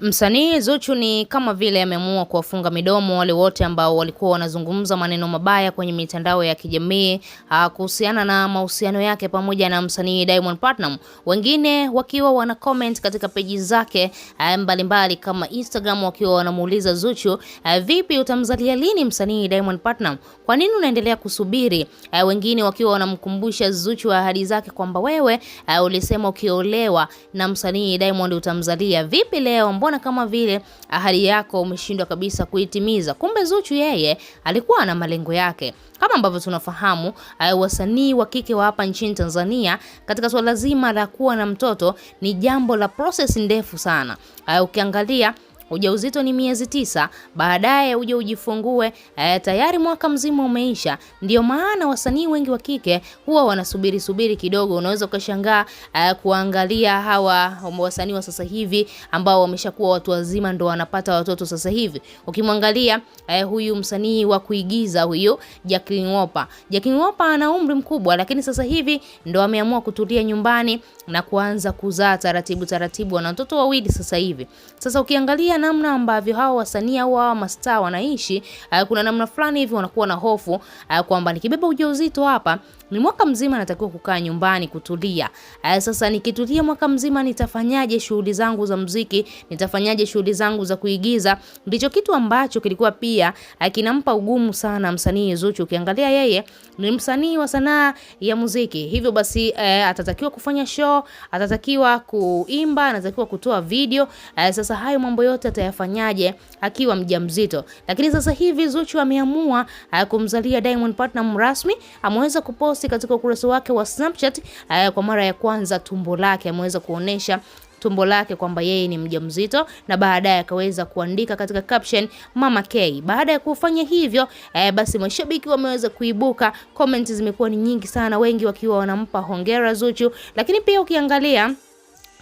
Msanii Zuchu ni kama vile ameamua kuwafunga midomo wale wote ambao walikuwa wanazungumza maneno mabaya kwenye mitandao ya kijamii ah, kuhusiana na mahusiano yake pamoja na msanii Diamond Platnumz, wengine wakiwa wana comment katika peji zake ah, mbalimbali mbali kama Instagram, wakiwa wanamuuliza Zuchu, ah, vipi utamzalia lini msanii Diamond Platnumz? Kwa nini unaendelea kusubiri? Wengine wakiwa wanamkumbusha Zuchu ahadi zake kwamba wewe ulisema ukiolewa na msanii Diamond utamzalia, vipi leo mbo mbona kama vile ahadi yako umeshindwa kabisa kuitimiza? Kumbe Zuchu yeye alikuwa na malengo yake. Kama ambavyo tunafahamu eh, wasanii wa kike wa hapa nchini Tanzania katika swala zima la kuwa na mtoto ni jambo la process ndefu sana. Eh, ukiangalia Ujauzito ni miezi tisa, baadaye uje ujifungue. Eh, tayari mwaka mzima umeisha. Ndio maana wasanii wengi wa kike huwa wanasubiri subiri kidogo. Unaweza ukashangaa eh, kuangalia hawa wasanii wa sasa hivi ambao wameshakuwa watu wazima ndo wanapata watoto sasa hivi. Ukimwangalia eh, huyu msanii wa kuigiza huyu Jacqueline Wolper. Jacqueline Wolper ana umri mkubwa, lakini sasa hivi ndo ameamua kutulia nyumbani na kuanza kuzaa taratibu taratibu, ana watoto wawili sasa hivi. Sasa ukiangalia kuangalia namna ambavyo hawa wasanii au hawa mastaa wanaishi, eh, kuna namna fulani hivi wanakuwa na hofu eh, kwamba nikibeba ujauzito hapa ni mwaka mzima natakiwa kukaa nyumbani kutulia. Eh, sasa nikitulia mwaka mzima nitafanyaje shughuli zangu za muziki? Nitafanyaje shughuli zangu za kuigiza? Ndicho kitu ambacho kilikuwa pia kinampa ugumu sana msanii Zuchu. Ukiangalia yeye ni msanii wa sanaa ya muziki, hivyo basi eh, atatakiwa kufanya show, atatakiwa kuimba, anatakiwa kutoa video eh, sasa hayo mambo yote yote atayafanyaje akiwa mjamzito. Lakini sasa hivi Zuchu ameamua eh, kumzalia Diamond Platnumz rasmi, ameweza kuposti katika ukurasa wake wa Snapchat eh, kwa mara ya kwanza tumbo lake, ameweza kuonesha tumbo lake kwamba yeye ni mjamzito na baadaye akaweza kuandika katika caption Mama K. Baada ya kufanya hivyo eh, basi mashabiki wameweza kuibuka, comments zimekuwa ni nyingi sana, wengi wakiwa wanampa hongera Zuchu, lakini pia ukiangalia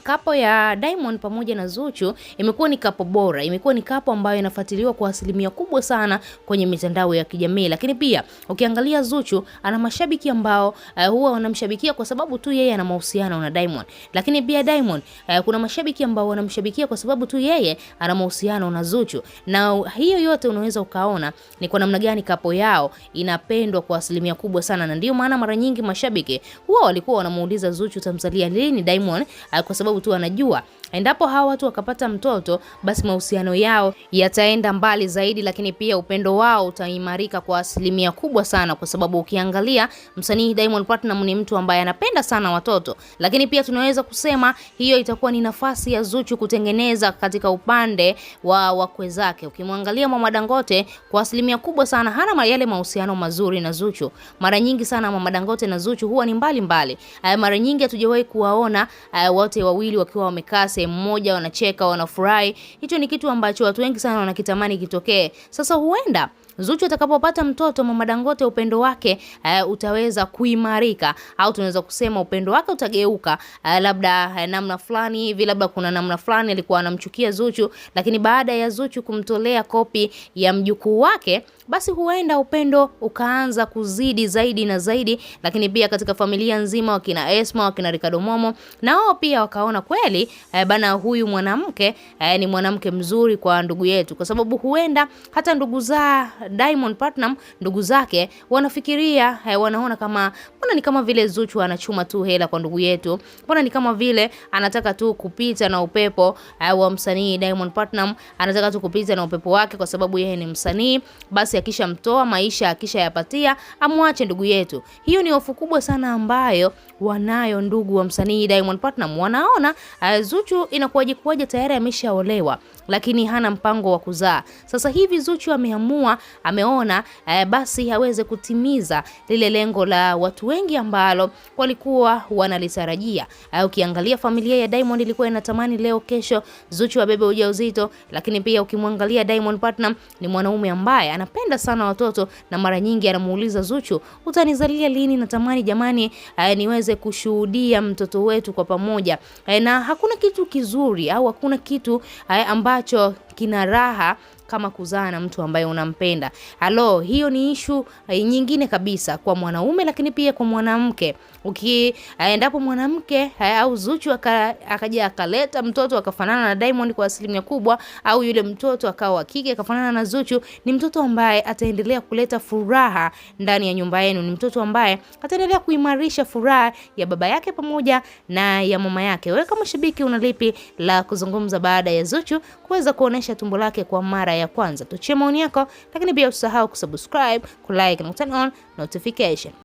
kapo ya Diamond pamoja na Zuchu imekuwa ni kapo bora, imekuwa ni kapo ambayo inafuatiliwa kwa asilimia kubwa sana kwenye mitandao ya kijamii. Lakini pia ukiangalia Zuchu ana mashabiki ambao uh, huwa wanamshabikia kwa sababu tu yeye ana mahusiano na Diamond. Lakini pia Diamond uh, kuna mashabiki ambao wanamshabikia kwa sababu tu yeye ana mahusiano na Zuchu, na hiyo yote unaweza ukaona ni kwa namna gani kapo yao inapendwa kwa asilimia kubwa sana, na ndio maana mara nyingi mashabiki huwa walikuwa wanamuuliza Zuchu tamzalia lini Diamond uh, kwa sababu sababu tu anajua endapo hawa watu wakapata mtoto basi mahusiano yao yataenda mbali zaidi, lakini pia upendo wao utaimarika kwa asilimia kubwa sana, kwa sababu ukiangalia msanii Diamond Platnumz ni mtu ambaye anapenda sana watoto. Lakini pia tunaweza kusema hiyo itakuwa ni nafasi ya Zuchu kutengeneza katika upande wa wakwe zake. Ukimwangalia Mama Dangote kwa asilimia kubwa sana hana yale mahusiano mazuri na Zuchu. Mara nyingi sana Mama Dangote na Zuchu huwa ni mbali mbali. Mara nyingi hatujawahi kuwaona eh, wote wawili wawili wakiwa wamekaa sehemu moja, wanacheka, wanafurahi. Hicho ni kitu ambacho watu wengi sana wanakitamani kitokee. Sasa huenda Zuchu atakapopata mtoto Mama Dangote, upendo wake uh, utaweza kuimarika au tunaweza kusema upendo wake utageuka, uh, labda uh, namna fulani hivi, labda kuna namna fulani alikuwa anamchukia Zuchu, lakini baada ya Zuchu kumtolea kopi ya mjukuu wake basi huenda upendo ukaanza kuzidi zaidi na zaidi. Lakini pia katika familia nzima, wakina Esma, wakina Ricardo Momo, na wao pia wakaona kweli eh, bana huyu mwanamke eh, ni mwanamke mzuri kwa ndugu yetu, kwa sababu huenda hata ndugu za Diamond Platinum, ndugu zake wanafikiria eh, wanaona kama mbona ni kama vile Zuchu anachuma tu hela kwa ndugu yetu, mbona ni kama vile anataka tu kupita na upepo eh, wa msanii Diamond Platinum, anataka tu kupita na upepo wake kwa sababu yeye ni msanii basi basi akishamtoa maisha akishayapatia amwache ndugu yetu. Hiyo ni hofu kubwa sana ambayo wanayo ndugu wa msanii Diamond Platnumz. Wanaona eh, Zuchu inakuwaje kuwaje, tayari ameshaolewa lakini hana mpango wa kuzaa. Sasa hivi Zuchu ameamua, ameona uh, basi aweze kutimiza lile lengo la watu wengi ambalo walikuwa wanalitarajia. Uh, ukiangalia familia ya Diamond ilikuwa inatamani leo kesho Zuchu abebe ujauzito, lakini pia ukimwangalia Diamond Platnumz ni mwanaume ambaye anapenda anawapenda sana watoto na mara nyingi anamuuliza Zuchu, utanizalia lini? Natamani jamani, eh, niweze kushuhudia mtoto wetu kwa pamoja eh, na hakuna kitu kizuri au hakuna kitu eh, ambacho kina raha kama kuzaa na mtu ambaye unampenda. Halo, hiyo ni ishu eh, nyingine kabisa kwa mwanaume, lakini pia kwa mwanamke. Ukiendapo eh, mwanamke eh, au Zuchu akaja akaleta mtoto akafanana na Diamond kwa asilimia kubwa, au yule mtoto akawa wa kike akafanana na Zuchu, ni mtoto ambaye ataendelea kuleta furaha ndani ya nyumba yenu, ni mtoto ambaye ataendelea kuimarisha furaha ya baba yake pamoja na ya mama yake. Wewe kama shabiki, unalipi la kuzungumza baada ya Zuchu kuweza kuonesha tumbo lake kwa mara mara ya kwanza. Tuchie maoni yako, lakini pia usahau kusubscribe, kulike na turn on notification.